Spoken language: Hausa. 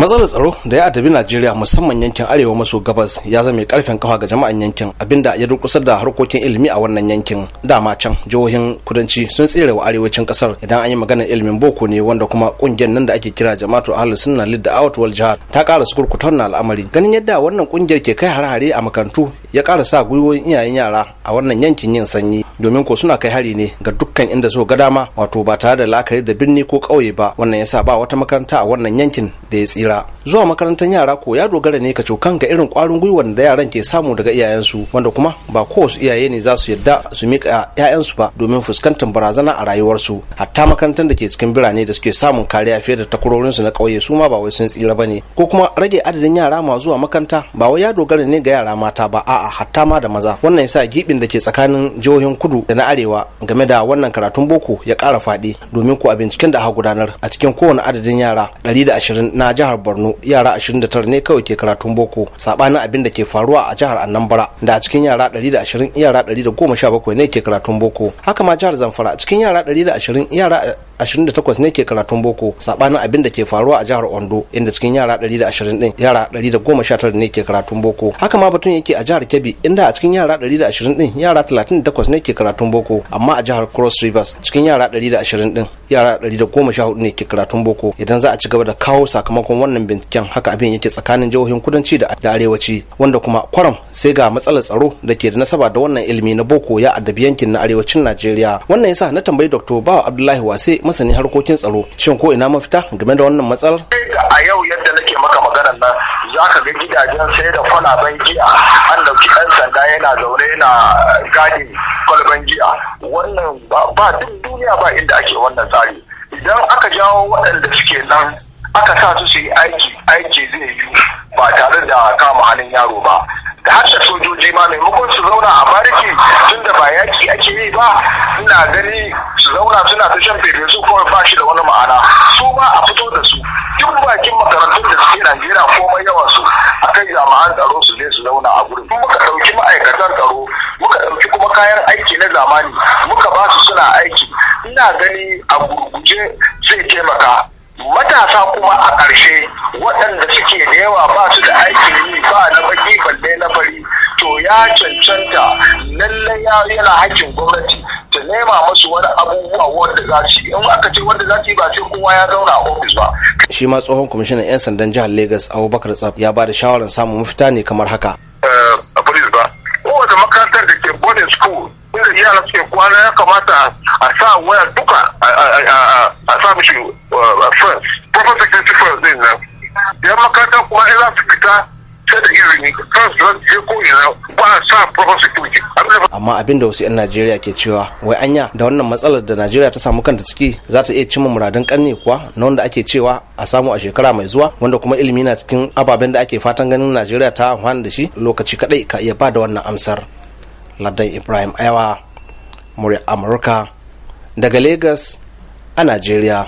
matsalar tsaro da ya adabi najeriya musamman yankin arewa maso gabas ya zama karfin kafa ga jama'an yankin abinda ya durkusar da harkokin ilimi a wannan yankin dama can jihohin kudanci sun tsere wa arewacin kasar idan an yi maganar ilimin boko ne wanda kuma kungiyar nan da ake kira jama'atu ahlus sunna lid da awat wal jihad ta ƙara kurkuta na al'amari ganin yadda wannan kungiyar ke kai hare-hare a makarantu ya ƙara sa gwiwoyin iyayen yara a wannan yankin yin sanyi domin ko suna kai hari ne ga dukkan inda so ga dama wato ba tare da la'akari da birni ko ƙauye ba wannan yasa ba wata makaranta a wannan yankin da ya tsira zuwa makarantar yara ko ya dogara ne ka cokan ga irin kwarin gwiwar da yaran ke samu daga iyayensu wanda kuma ba kowasu iyaye ne za su yadda su mika ƴaƴansu ba domin fuskantar barazana a rayuwarsu hatta makarantar da ke cikin birane da suke samun kariya fiye da takwarorinsu na ƙauye su ma ba wai sun tsira ba ne ko kuma rage adadin yara ma zuwa makaranta ba wai ya dogara ne ga yara mata ba a'a hatta ma da maza wannan yasa gibin da ke tsakanin jihohin kudu da na arewa game da wannan karatun boko ya ƙara faɗi domin ko a binciken da aka gudanar a cikin kowane adadin yara 120 na jihar borno yara 29 ne kawai ke karatun boko sabanin abin da ke faruwa a jihar anambra da a cikin yara 120 yara 117 ne ke karatun boko haka ma jihar zamfara cikin yara 120 yara 28 ne ke karatun boko sabanin abin da ke faruwa a jihar Ondo inda cikin yara 120 din yara 119 ne ke karatun boko haka ma batun yake a jihar Kebbi inda a cikin yara 120 din yara 38 ne ke karatun boko amma a jihar Cross Rivers cikin yara 120 din yara 114 ne ke karatun boko idan za a ci gaba da kawo sakamakon wannan binciken haka abin yake tsakanin jihohin kudanci da arewaci wanda kuma kwaram sai ga matsalar tsaro da ke da nasaba da wannan ilimi na boko ya addabi yankin na arewacin Najeriya wannan yasa na tambayi Dr. Bawa Abdullahi Wase masani harkokin tsaro shin ko ina mafita game da wannan matsalar a yau yadda nake maka maganar nan za ka ga gidajen sai da kwalaben giya an dauki ɗan sanda yana zaune yana gadi kwalaben giya wannan ba duk duniya ba inda ake wannan tsari idan aka jawo waɗanda suke nan aka sa su su yi aiki aiki zai yi ba tare da kama hannun yaro ba da harshe sojoji ma maimakon su zauna a bariki tunda da ba yaki ake yi ba ina gani zauna suna ta shan fere su kuma ba shi da wani ma'ana su ma a fito da su duk bakin makarantun da suke Najeriya komai yawa su a akan jami'an tsaro su je su zauna a gurin muka ɗauki ma'aikatan tsaro muka ɗauki kuma kayan aiki na zamani muka ba su suna aiki ina gani a gurguje zai taimaka matasa kuma a ƙarshe waɗanda suke da yawa ba su da aikin yi ba na baki balle na fari to ya cancanta lallai yana hakkin gwamnati ta nema masu wani abubuwa wanda za su yi in aka ce wanda za su yi ba sai kowa ya zauna a ofis ba. shi ma tsohon kwamishinan 'yan sandan jihar lagos abubakar tsaf ya ba da shawarar samun mafita ne kamar haka. Eh, a police ba kowace makarantar da ke boarding school inda yara suke kwana ya kamata a sa waya duka a sa mishi eh, friends proper security friends din nan yan makaranta kuma ila fita da izini je ina ba a sa proper amma abin da wasu 'yan najeriya ke cewa wai anya da wannan matsalar da najeriya ta samu kanta ciki za ta iya cimma muradun karni kuwa na wanda ake cewa a samu a shekara mai zuwa wanda kuma ilimi na cikin ababen da ake fatan ganin najeriya ta amfani da shi lokaci kadai ka iya ba da wannan amsar ladan ibrahim ayawa murya amurka daga lagos a najeriya